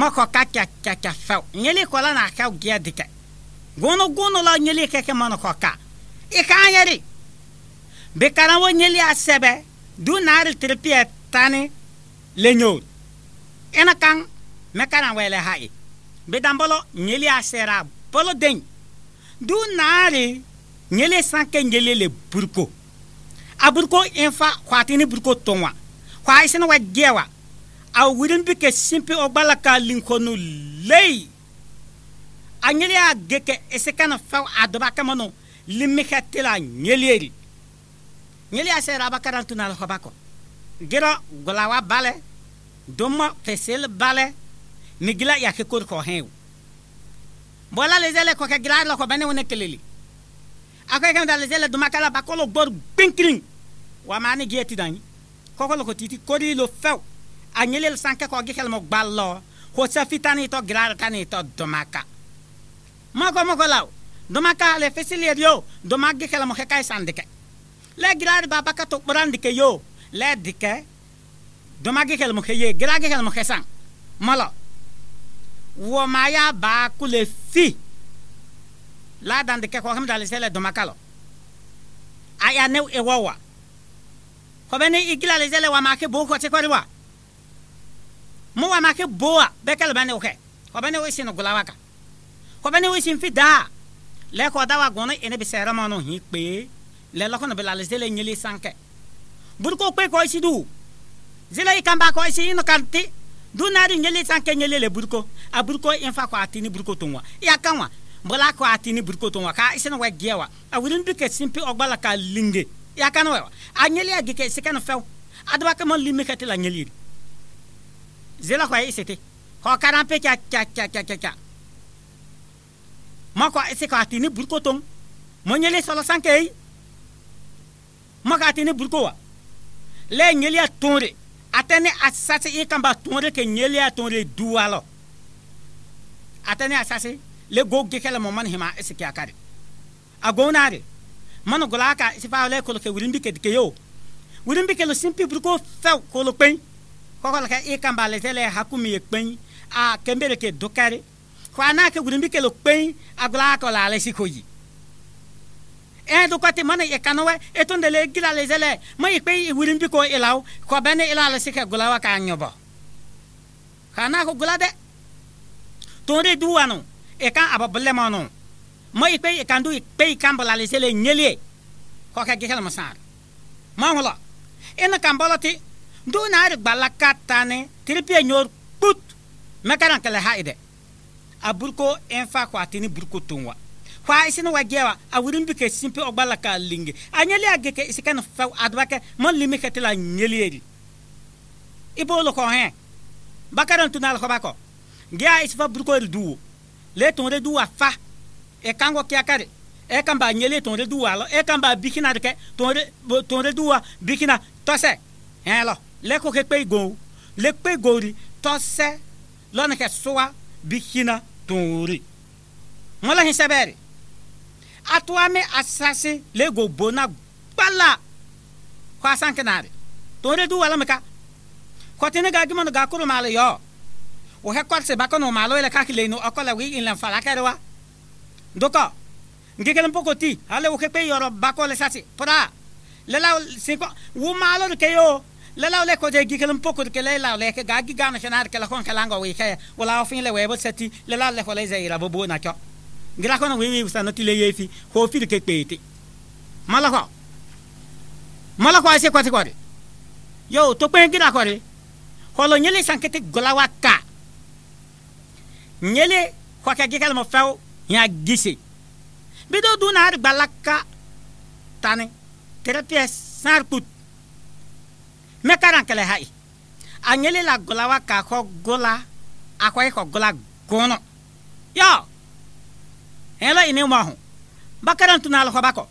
moko ka kya kya kya fau nyeli ko la na ka gya dike gono gono la nyeli ke ke mano ka e ka yeri be kana wo nyeli asebe du nari tripie tane le nyol ena kan me kana wele hai be dambolo nyeli asera bolo den du nari nyeli sanke nyeli le burko a burko infa kwatini burko tonwa kwa isina wa gewa awirin bi ke simpi o gbala ka linkonu lei a nyeli a ge ke ese kana faw a doba kama no limmi ka tela nyelieri nyeli a sera ba karantu na hoba ko gero golawa bale doma fesel bale migila ya ke kor ko hew bola le zele ke gira lo ko bane wona keleli akoy e kam dal zele duma kala bako lo gbor gbinkring wa mani geti dan ko ko lo ko titi kori lo fau anyelel sanke ko gi kelmo gballo ho safitani to gilar tani to domaka mogo mogo law domaka le fesilier yo domagi kelmo ke kai e sandike le gilar baba ka to brandike yo le dike domagi kelmo ke ye girage kelmo ke sang molo wo maya ba kule fi la dandike ko kam dalisele domaka lo aya ne ewowa ko bene igila lezele wa make bo ko te ko riwa muwa make boa bekel bane uke ko bane o isin gulawa ka ko bane o isin e e fida le ko dawa gono ene bi sera manu hi pe le lo kono bilal zele nyeli sanke bur ko pe ko isi e du zele i kamba ko isi ino kanti du nari nyeli sanke nyeli le burko a burko in fa ko atini burko tonwa ya kanwa bala ko atini burko tonwa ka isin wa gewa a wurin duke simpi ogbala ka linge ya kanwa a nyeli agike sikano few adwa ka mon limikati la nyeli zela kwa isete ho karampe cha cha cha cha cha cha mako ese ka tini burko ton mo nyele solo sanke maka tini burko wa le nyele ya tonre atene asase i kamba tonre ke nyele ya tonre duwalo atene asase le go gekele mo man hima ese ki akare agonare mano golaka sifa le kolo ke wirindi ke dikeyo wirindi ke lo simpi burko fe kolo pen kokol ke i kambale tele hakumi ye kpeŋ a kembele ke dokari ko ana ke gudumbi kelo kpeŋ a gula ko la ale si ko yi e do kote mana ye kanowe e tonde le gila le zele ma ye kpeŋ i gudumbi ko ilaw ko bene ila ale si ke gula wa ka nyobo kana ko gula de tonde duwanu e kan ababule manu ma ye kpeŋ i kandu i kpeŋ i kambala le zele nyelie ko ke gihel masan ma ngolo ina ti ndu naari gbala kattani tiripi nyor nyoor kput mekaran kele ha ide a burko en fa ko atini burko tunwa fa isini wa gewa a wurin bike simpe o gbala ka linge a nyeli a geke isikan fa adbake mon limi ketila nyeli eri ibolo ko hen bakaran tunal ko bako gea isifa burko eri duwo le tonre duwa fa e kango kiakare e kan ba nyeli tonre duwa lo e kan bikina de ke tonre tonre duwa bikina tose hello leko ke kpe go le kpe gori tɔsɛ lɔni kɛ sowa bi hina toori ŋmɔlɔ hin sɛbɛri atoa mi asase le go bona gbala kɔ asan kinaari toori du wala mi ka kɔtini gaa gima no gaa kuro maali yɔ o hɛ kɔrisi ba kɔni o maali o yɛlɛ kaa kile nu ɔkɔ la ilẹ̀ nfala kɛri wa dukɔ nkekele poko ti ale o kɛ kpe yɔrɔ ba kɔ le sasi pura lɛla sinkɔ wo maali o le law le ko je gi kelam pokut ke le law le ke ga gi ga na shanar ke la kon ke lango wi ke wala ofin le webo seti le law le ko le zeira bo bo na cho ngira kono wi wi sa no ti le yefi ko fi ke peti mala ko mala ko ase ko ti yo to pe ngira ko re holo nyele sankete golawa ka nyele ko ke gi kelam fawo ya gise bido dunar balaka tane terapias sarkut mekaran kele hai anyele la gola wa ka ko gola akwa ko gola gono yo hela ine ma ho bakaran tuna al ko bako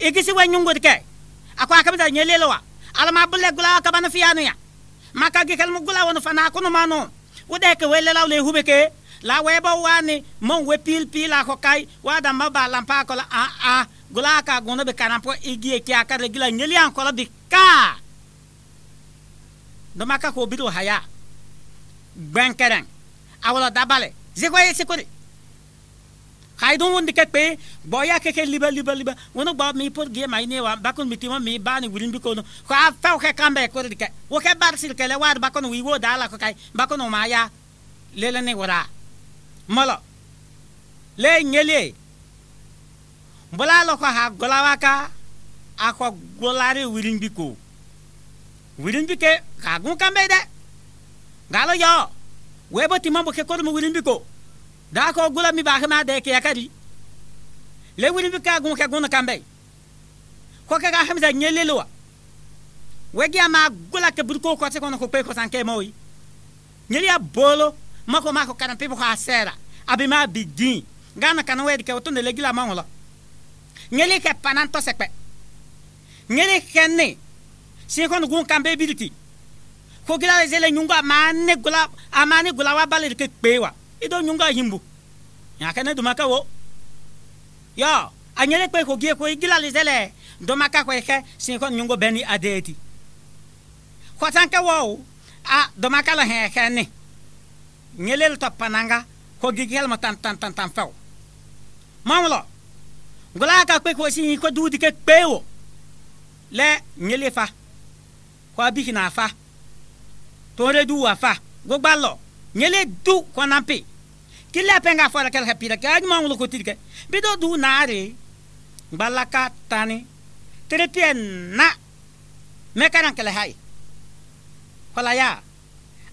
igisi wa nyungo dike akwa ka bita nyele lo wa alama bulle gola ka bana fiyanu ya maka gi kalmu gola wono fana ko no mano wude ke wele la le hubeke la webo wani mon we pil pil ako kai wada maba lampa ko la a a gola ka gono be kanan po igi e ki akare gila nyeli an ko la dik kaa dɔmaka ko biri o haya gbɛnkɛrɛn awɔlɔ dabali zekoye sekore haydun wundi ke kpe gbɔya keke liba liba liba wani gbɔ mi por gie mai ne wa bakun mi timo mi bani wurin biko no ko a fɛw kɛ kan bɛ kore dikɛ wo kɛ bari siri kɛlɛ waari bakun wi wo daa la ko kai bakun ma ya lele ne wara mɔlɔ le nyeli bola lɔ ko ha gɔlawa ka akɔ golari wirin bi ko wirin bi ke k'a gun kan bɛ dɛ galo yɔ wɛ bɔ tima bɔ kɛ kɔdu mu wirin bi ko daa kɔ gola mi baa kɛ maa dɛ kɛ ka di le wirin bi k'a gun kɛ gun kan bɛ kɔ kɛ ka hamza nyɛ lele wa wɛ giya maa gola kɛ buru ko kɔtɛ kɔnɔ ko kpe kɔsan kɛ mɔ ye nyɛ bolo mako mako karan pe bɔ a sɛra a bi maa bi din gana kana wɛ de le gila mɔngɔ lɔ nyɛ li kɛ panan tɔ sɛkpɛ ngene xenne sinkon gun kambe biriti ko gila zele nyungo amane gula amane gula wa bale ke kpewa ido nyungo himbu yakene dumaka wo yo anyere kpe ko gie ko gila zele domaka ko eke sinkon nyungo beni adeti kwatanke wo a domaka la hekene nyelel to pananga ko gigel mo tan tan tan tan fawo mamlo gula ka kpe ko si ko dudi ke kpewo lɛ nyele fa kɔ bihi na fa tɔnre du wa fa gbogbo alɔ nyele du kɔnape kila penga fɔra kɛlɛ ka pira kɛ aduma wolo ko tiri kɛ bido du naare gbalaka tani terepiɛ na mɛ kana kɛlɛ ha ye kɔlaya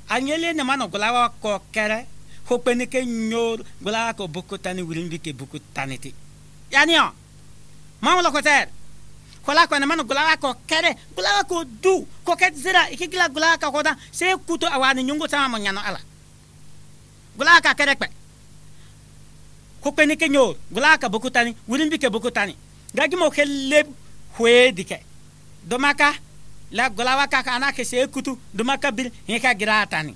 a nyele ne ma na gɔlawa kɔ kɛrɛ hokpeni ke nyoor gɔlawa ko boko tani wuri bi ke boko tani ti, yanni ɔ mawolo ko tɛr kola ko namanu gulawa ko kere gulawa ko du ko ket zira ikigila gulawa ka koda se kuto awani nyungu sama mo nyano ala gulawa ka kere kpe ko kpe nike nyo gulawa ka boku tani wurin bike boku tani gagi mo ke leb hwe dike domaka la gulawa ka ka anake se kutu domaka bil hika gira tani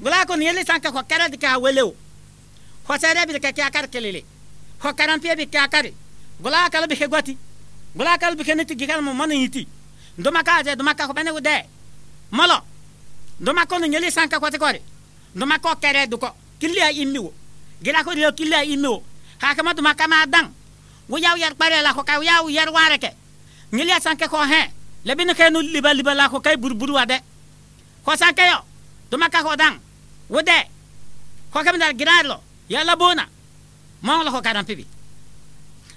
gulawa ko niyeli sanka ko kere dike ha wele o ho sere bi dike kia kar kelele ho karampiye bi kia kari gulawa kala bi ke gwati gulakal bikeniti gikal mo mana yiti nduma kaje nduma ka ko bene ude molo nduma ko no nyeli sanka ko tikori nduma ko kili a kilia imiwo gila ko a kilia imiwo ha kama nduma kama dang wo yaw yar pare la ko ka yaw yar ware ke nyeli sanka ko he lebin ke no liba liba la ko kay burburu ade ko sanka yo nduma ka ko dang ude ko kam dal giralo yalla bona mo la ko karam pibi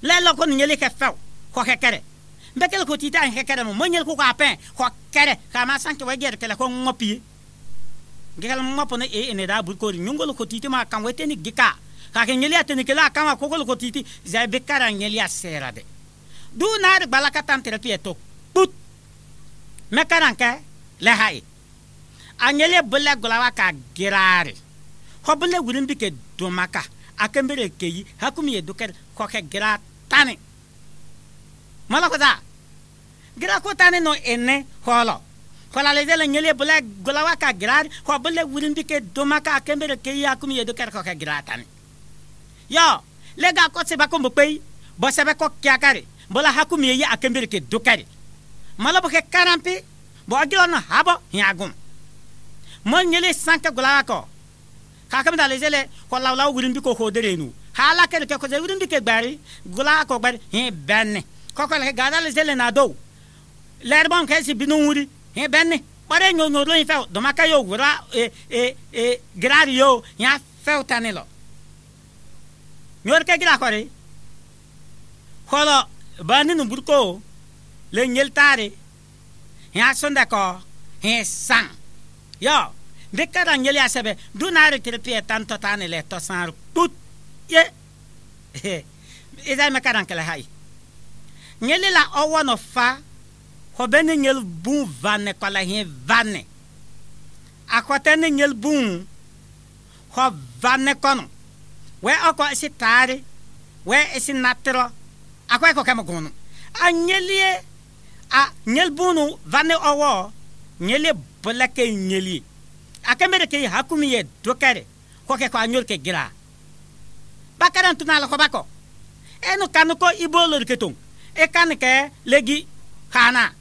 lelo ko nyeli ke few ko hekere mbekel ko tita en hekere mo monyel ko ka pen ko kere kama sanke wa ger kele ko ngopi gigal mopo ne e, e ne da bu ko nyungol ko titi ma kan wete ni gika ka ke nyeli atene kela kan wa kokol ko titi za be kara nyeli asera de du nar balaka tan terapi eto put me karan ke le hai a nyeli bula golawa ka girare ho bula wurin bike domaka akembere keyi hakumi eduker ko ke gira tani mala malakuta gira kutani no ene holo kola le dele nyele bula golawa ka girar ko bule wurin bike doma ka kembere ke ya kumi yedo ker ko ka giratan yo le ga ko se ba ko mbei bo se ba ko kya kare bola hakumi ye akembere ke dokare mala bo ke karampi bo agilo no habo hiagum mo nyele sanka golawa ko ka kam dale zele ko lawlaw wurin biko ko dere nu hala ke ko ze wurin gbari golawa ko gbari hin benne kokol ke gadal zele na do ler bon ke si binu wuri he benne pare nyo nyo loin feo do maka yo wura e e e grar yo ya feo tanelo nyor ke gira kore kholo bani nu burko le nyel tare ya sonda ko he sang yo de kada nyel ya sebe du na re tirpie tanto tanele to san kut ye ida me kadan kala hai nyele la ɔwɔ fa xɔ be ne nyele bun vane kpala hɛn vane akɔtɛ ne nyele bun xɔ vane kɔnɔ wɛ ɔkɔ esi taare wɛ esi natrɔ akɔ ekɔ kɛmɛ gɔnɔ a nyelie a nyele bunu vane ɔwɔ nyele bɔlɛ ke nyelie akɛmɛ de ke hakumi yɛ dokɛre kɔ kɛ kɔ a nyɔri ke gira bakɛrɛ ntuna la kɔ ba kɔ ɛnu kanu kɔ i lori ke tɔn e kan ke legi kana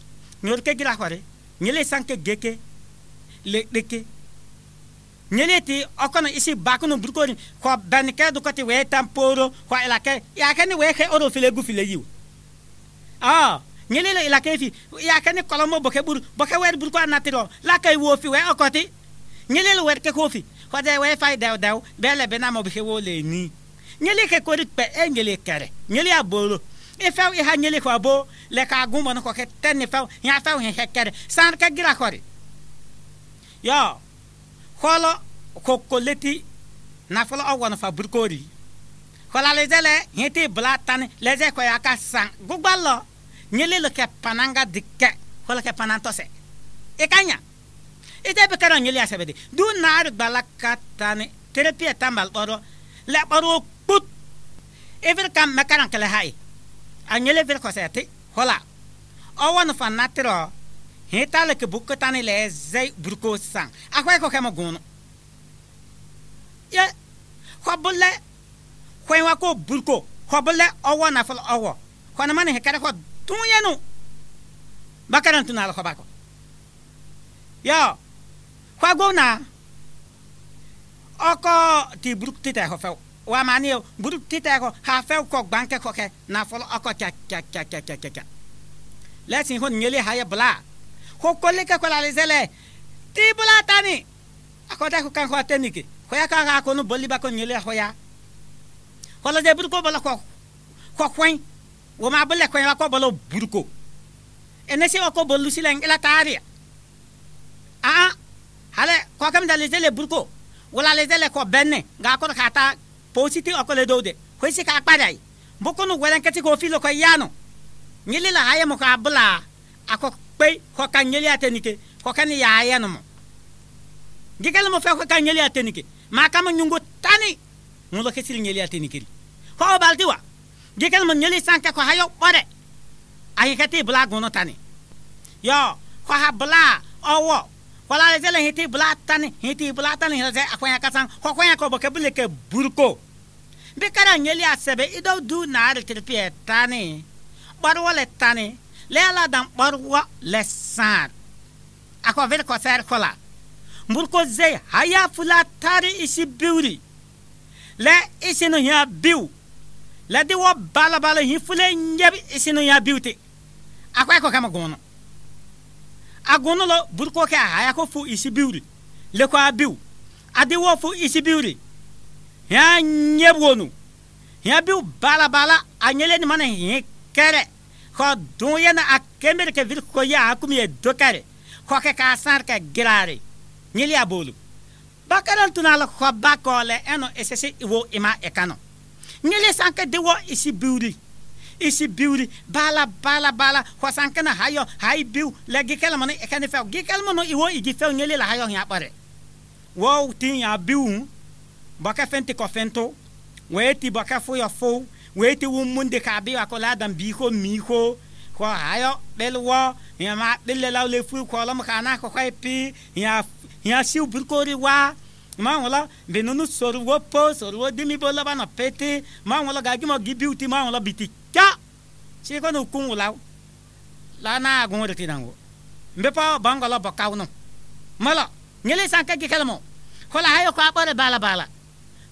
nyor ke gira kware nyele sanke geke le deke nyele ti okono isi bakuno burkori ko banke do kati we tamporo ko ilake ya ke ni we ke oro file gu file yiwo ah nyele le ilake fi ya ke ni kolomo boke buru boke wer burko anatiro lakai wo fi we okoti nyele le wer ke kofi ko de we fai daw daw bele benamo bike wo le ni nyele ke kori pe engele kere nyele aboro e few e ha nyeli ko bo le ka gumbo no ko ke ten e few ya few he hekere san ka gira kore yo kholo ko koleti na folo awon fa burkori kola leze le yete bla tan leze ya ka san gugbalo nyeli lo ke pananga dikke kola ke pananto se e kanya ite e be kara nyeli asebe de du na ar gbala katane terapia tambal boro le boro put ever kam makaran kala hai anyele vil ko sete hola awan fa natro hitale ke bukka tani le zai burko sang akwa ko kema gono ye hobule kwen wa ko burko hobule awan na fal awo kwana mane he kare ko tunye no bakaran tunala ko bako ti buruk ti ta ho wa mani yo buru tita ko ha fe ko banke ko ke na folo ako cha cha cha cha cha cha cha lesi hon nyele haya bla ko kolle ke ko la le zele ti bla tani akota ko kan ko tenike ko ya ka ko no boli ba ko nyele ho ya ko la je buru ko bala ko ko kwen wo ma bele ko ya ko bala buru ko enesi ko bolu silen ila taria a a hale ko kam da le zele buru ko wala le zele ko benne ga ko ka ta Positi ती अकोले देऊ दे खंयची काय आकपारी आई बोको न्हू गोऱ्यांकाची गोफी लोक यानो ngelila haya mo ka bla ako pe ko ka ngeli atenike ko kan ya haya no mo gigala mo fe ko ka atenike ma ka mo nyungo tani mo lo kesiri ngeli atenike ri ko baldi wa gigala mo ngeli sanka ko hayo bore ayi ka te bla tani yo ko ha bla owo ko la le zele hiti bla tani hiti bla tani he ze akwanya ka san ko kwanya ko bo ke ke burko bikara nyeli asebe ido du na ritripie tani kparwa le tani le ala dan kparwa le sar ako vir ko ser kola mburko ze haya fula tari isi biuri le isi no ya biu le di bala bala hi fule nyebi isi no ya biuti ako ako e kama gono agono lo burko ke haya kofu isi biuri le ko abiu adi wo fu isi biuri hiã nyɛ wonu hiã bɩ balabala a nyɛle ni mana hĩ kɛrɛ xɔ dũu yɛna a kembr kɛ vir ko yaa kum ye dokɛre xɔ kɛ kaa sãr kɛ giraare nyel yaa boolu bakaran tuna la xɔ ba kɔɔ lɛ ɛnɔ esese wo ima ɛkanɔ e nyele sãn kɛ de wɔ isi biuri isi biuri bala bala bala xɔ sãn kɛna hayɔ hai biu lɛ gikɛlmɔ ne ɛkɛne e fɛw gikɛlmɔ no iwo igi fɛw nyele la hayɔ hiã ɓɔrɛ wo tɩ yã biu baka fente ko fento weti baka fo ya fo weti wum munde ka bi e ko ladan bi ko mi ko ko hayo belwo ya ma dille le fu ko lam kana ko kai pi ya ya si u wa ma wala be nunu soru wo po soru wo dimi bola bana pete ma wala ga gi mo biti ka si ko no kun wala la na gun ri tinan wo mbe pa bangala ba kawo no mala ngele sanka gi kalmo ko la hayo ko abare bala bala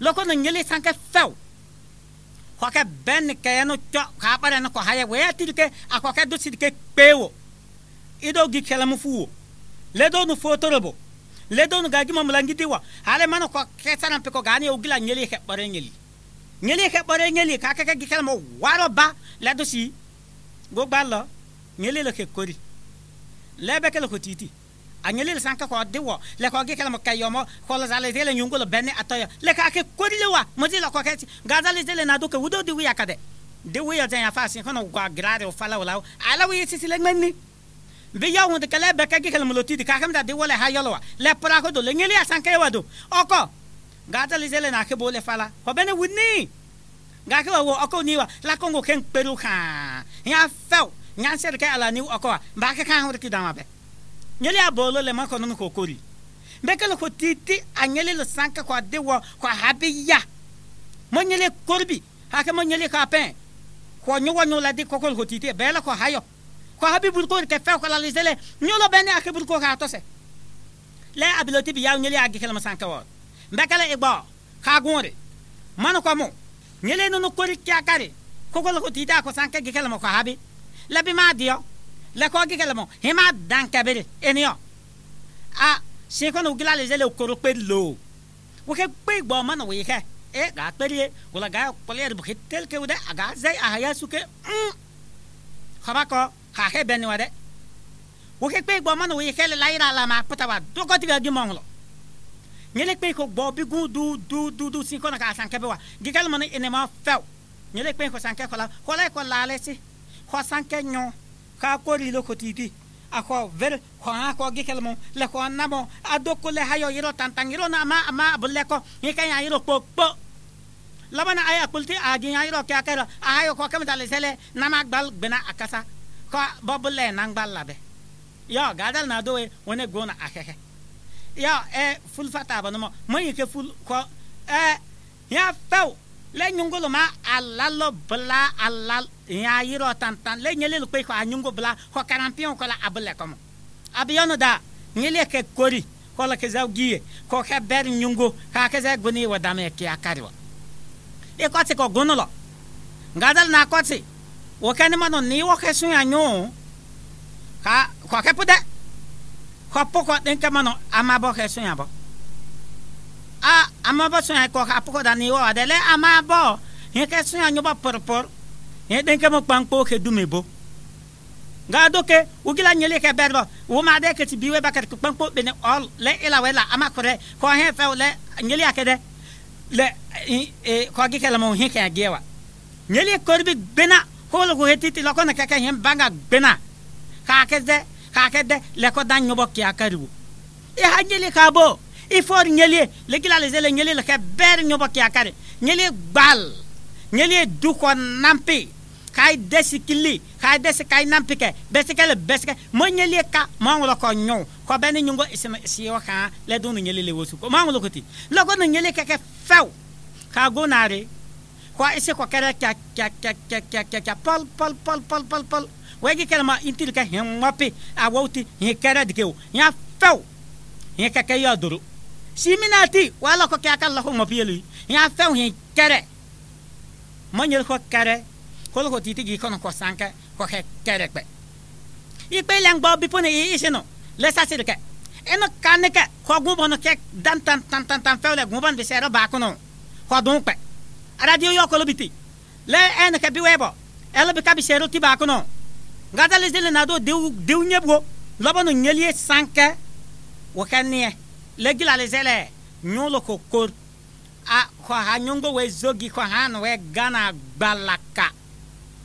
lokona ngeli sanke few hoke ben keyeno co kaɓareno ko haye weyatiri ke ako ke dosiri ke kpewo ido gi kelemu fuwo ledo nu fotoro bo ledo nu gagi mamulangidi wa hale mano ko kesanan pe ko gani ogila ngeli heɓɓore ngeli ngeli heɓɓore ngeli ka keke gi kelemo waro ba ledo si go gballo ngeli lo ke kori lebe ke lo ko titi anyele sanka ko dewo le ko ge kala mo kayo mo ko la zale dele nyungo le benne atoyo le ka ke kodile wa mo di la ko keti gazale dele na do ke wudo di wi akade de wi ya zanya fasi kono gwa grade o fala wala ala wi sisi le ngmenni be ya won de kala be ka ge kala mo loti di ka kam da de wala ha yolo wa le pra ko do le ngeli sanka e wa do oko gazale dele na ke bo le fala ko bene wudni ga ke wo oko ni wa la kongo ken peru ka ya fel nyansere ala ni oko ba ke kan ho de dama be nyele ya bolo le ma kono ko kori mbeke lo titi anyele lo sanka kwa dewa kwa habi ya mo nyele korbi hake mo nyele ka pen kwa nyowa nyola de kokol ko titi bela kwa hayo kwa habi bul ko ke fe ko la lizele nyolo bene ake bul ko ka to se le abiloti bi ya nyele agi kele ma sanka wa mbeke le igbo ka gunre mano kwa mo nyele no no kori kya kare kokol ko titi ko sanka gi kele ma kwa habi labi ma dio lɛkɔgi kɛlɛmɔ hima dan kɛbiri eniyan a senkɔni wugila le zele koro kpe lo woke kpe gbɔ mana woyi kɛ e gaa kperi ye wala gaa kpɔli yɛrɛ boke tel kewu dɛ a gaa zɛyi a suke un mm. xɔba kɔ k'a kɛ bɛn ni wa dɛ woke kpe gbɔ mana woyi kɛ la yira la ma pata wa dɔgɔti di mɔŋ lɔ nyele kpe ko gbɔ bi gun du du du du senkɔni k'a san kɛbɛ wa gikɛlɛmɔ ni enema fɛw nyele kpe ko san kɛ kɔla kɔla kɔ laale si kɔ san kɛ nyɔɔ ka kori lo khotiti ako ver khwa ko gi kelmo le ko na mo adoko le hayo yiro tantang yiro na ma ma bulle ko ni ka ya yiro po po labana aya kulti agi ya yiro kya kero ayo ko kam dale sele na ma gbal bena akasa ko bobulle na gbal labe yo gadal na do e wone gona ahehe yo e ful fata ba no mo yike ful ko e ya fau le nyungolo ma alalo bla alal ya yiro tan tan le nyele lu kwe ko anyungo bla ko karampion ko la abule komo abiyono da nyele ke kori ko la ke zaw giye ko ke ber nyungo ka ke za guni wa dame ke akariwa e ko ko gunolo ngadal na ko ti wo ke ni mano ni wo ke sun anyo ka ko ke pude ko poko den ke mano amabo ke sun abo a amabo sun ko ka poko da ni wo adele amabo Nyɛ kɛ sun anyo ba pɔrɔpɔrɔ ye denke mo kpankpo ke dume bo nga doke ugila nyele ke berbo wo ma de ke ti biwe bakat ke kpankpo bene all le ila e wela ama kore ko he fe le nyele akede le e ko gi kala mo he ke agewa nyele korbi bena holo ko hetiti lokona ka ka hem banga bena ka ke de ka ke le ko dan nyobo ki akaribu e ha nyele ka bo e for nyele le gila le zele nyele le ke ber nyobo ki akare nyele gbal ngelie duxɔ nampi kai desi kili kai desi kai nampi kɛ bɛsikɛli besike mo nyelie ka mo aŋolo kɔ nyɔ kɔ bɛ ni nyɔngo siyɔ kan lɛ dunu nyelie le wosu ko mo aŋolo ko ti lɔgo ni nyelie kɛkɛ fɛw ka go naare kɔ ese kɔ kɛrɛ kya kya kya kya kya kya kya pal pal pal pal pɔl pɔl wɛgi kɛlɛ ma intiri kɛ hɛn ŋmɔpi a wɔw ti hɛn kɛrɛ dike o hɛn fɛw hɛn kɛkɛ yɔ doro wala kɔ kɛ a ka lɔkɔ ŋmɔpi yɛlɛ hɛn fɛw hɛn mɔnyere xɔ kɛrɛ kolo ko titi gi kɔnɔ kɔ sankɛ kɔ hɛ kɛrɛ kpɛ ikpe lɛ ŋgbɔ bipo ne yi isi no lɛ sasi de kɛ eno kane kɛ xɔ gun bɔ no kɛ dan tan tan tan tan fɛn lɛ gun bɔ no bi sɛ ɛrɛ baa kɔnɔ xɔ dun kpɛ aradio yɔ kolo bi ti lɛ ɛn kɛ bi wɛ bɔ ɛlɛ bi ka bi sɛ ɛrɛ ti baa kɔnɔ nga dali na do dewu dewu nye bo lɔbɔ no nyeli sankɛ kɛ neɛ lɛ gila le ko kori a kɔha nyɔngo we zogi kɔha no we gana gbalaka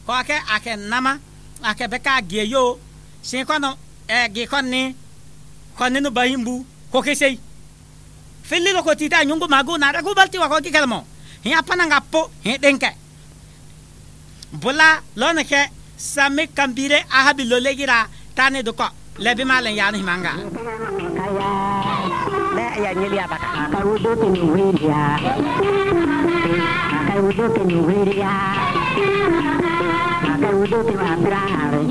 kɔke ake nama ake beka gie yo sin kɔnɔ ɛ e, gi kɔni kɔni no bahin bu koke sei fili lo ko ti ta nyɔngo mago na ra ko balti wa ko ki kalmo hin apana nga po hin denke bula lɔne ke sami kambire ahabi lo legira tani dukɔ lɛbi ma lɛn yaani himanga ya nyeli abaka akawudoke ni wilya akawudoke ni wilya akawudoke ke? abrahare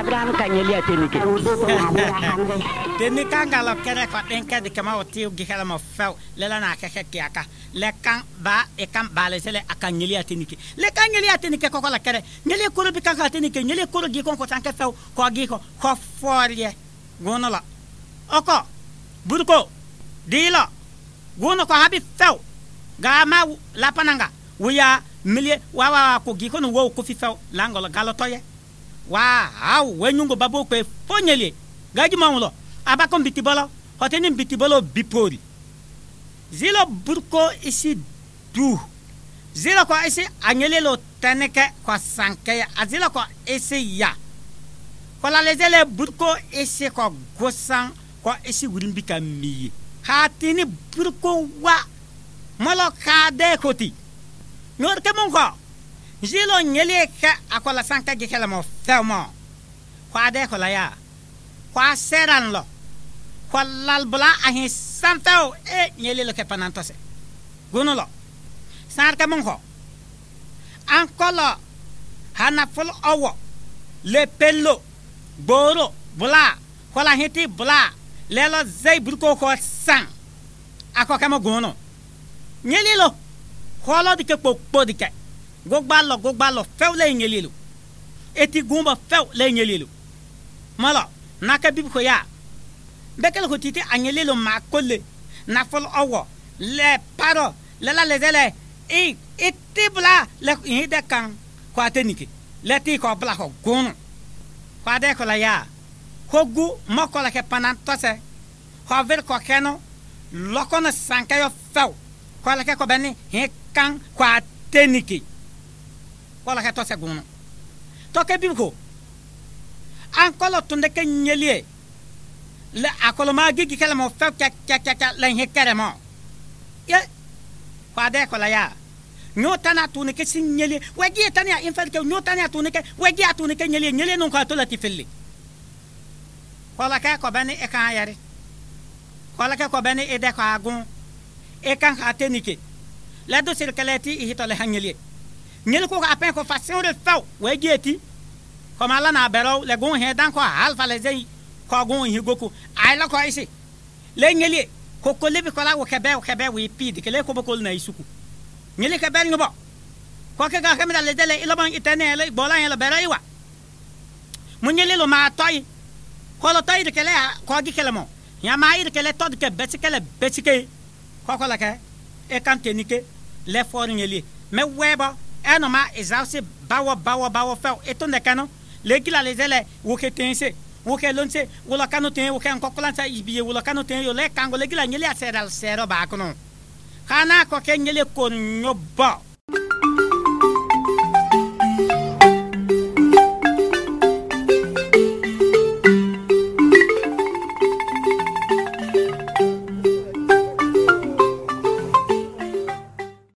abraham kanyeli atenike akawudoke wa abrahare deni kangalo kere ko denke de kama otiu gihela mo few lela na keke kiaka le kan ba e kan bale sele akanyeli atenike le kanyeli atenike ko kola kere nyeli koro bi kan atenike nyeli koro gi kon ko tanke few ko gi ko ko forye gonola oko buruko dilo guno kɔ habi few ga ma lapananga wiya milie wawa ko gi kono wo ko fi few langolo galo toye wa aw wenyungo babo pe fonyele gaji mawlo abakon bitibolo hoteni bitibolo bipori zilo burko isi du zila ko ese anyele lo teneke ko sanke azila ko ese ya ko la lezele burko isi ko gosan ko ese wurimbika miye hatini burkon wa malo kade khoti nor ke mongo jilo nyele ke akola sanka gikela mo femo kwade kola ya kwa seran lo kwa lalbula ahi sanfeo e nyele lo ke panantose gunulo sar ke mongo ankolo hanaful owo Boro gboro bula kola hiti bula lelo zai burko ko san ako kama gono nyelilo holo dike kpokpo dike gogba lo gogba lo few le nyelilo eti gumba few le nyelilo malo naka bibi ko ya bekel ko titi anyelilo ma kolle na fol owo le paro lela lezele i iti bla le yide kan ko atenike leti ko bla ko gono ko ade ko la ya hogu mokolake panantose hovir kokeno lokono sankeyo few kolake kobeni hikan kwa teniki kolake tose gunu toke bibko ankolo tunde ke nyelie le akolo ma gigi kele mo few kya kya kya kya le hikere mo ye kwade kola ya nyo tana tunike sin nyelie wegi tania infel ke nyo tania tunike wegi atunike nyelie nyelie non kwa to latifelle kolake ko bani e kan yari kolake ko bani e de ko agun e kan ha tenike siri do sirkeleti i hitole hangeli ngel ko apen ko fasin re faw we geti ko mala na bero le gun he dan ko alfa le zai ko gun hi goku ai la ko isi le ngeli ko ko lebi ko la wo kebe wo kebe wi pidi kele ko bokol na isuku ngeli kebe ngobo ko ke ga kemida le dele ilobon itene le bolan le bero iwa munyeli lo ma toyi kɔlɔtɔ yi de kɛlɛ ya kɔɔgi kɛlɛ mɔ yama yi de kɛlɛ tɔ de kɛ bɛti kɛlɛ bɛti ke kɔkɔ la kɛ e kan tɛ ni ke lɛ fɔri ye li mɛ wɛbɔ ɛnɔ ma ezawusi bawɔ bawɔ bawɔ fɛw eto nɛ kɛnɔ legila le zɛlɛ woke tɛn se woke lon se wolɔkanu tɛn woke nkɔkɔlan sa ibi ye wolɔkanu tɛn yolɛ kango legila nyeli a sɛrɛ sɛrɛ baa kɔnɔ kɔkɛ nyeli ko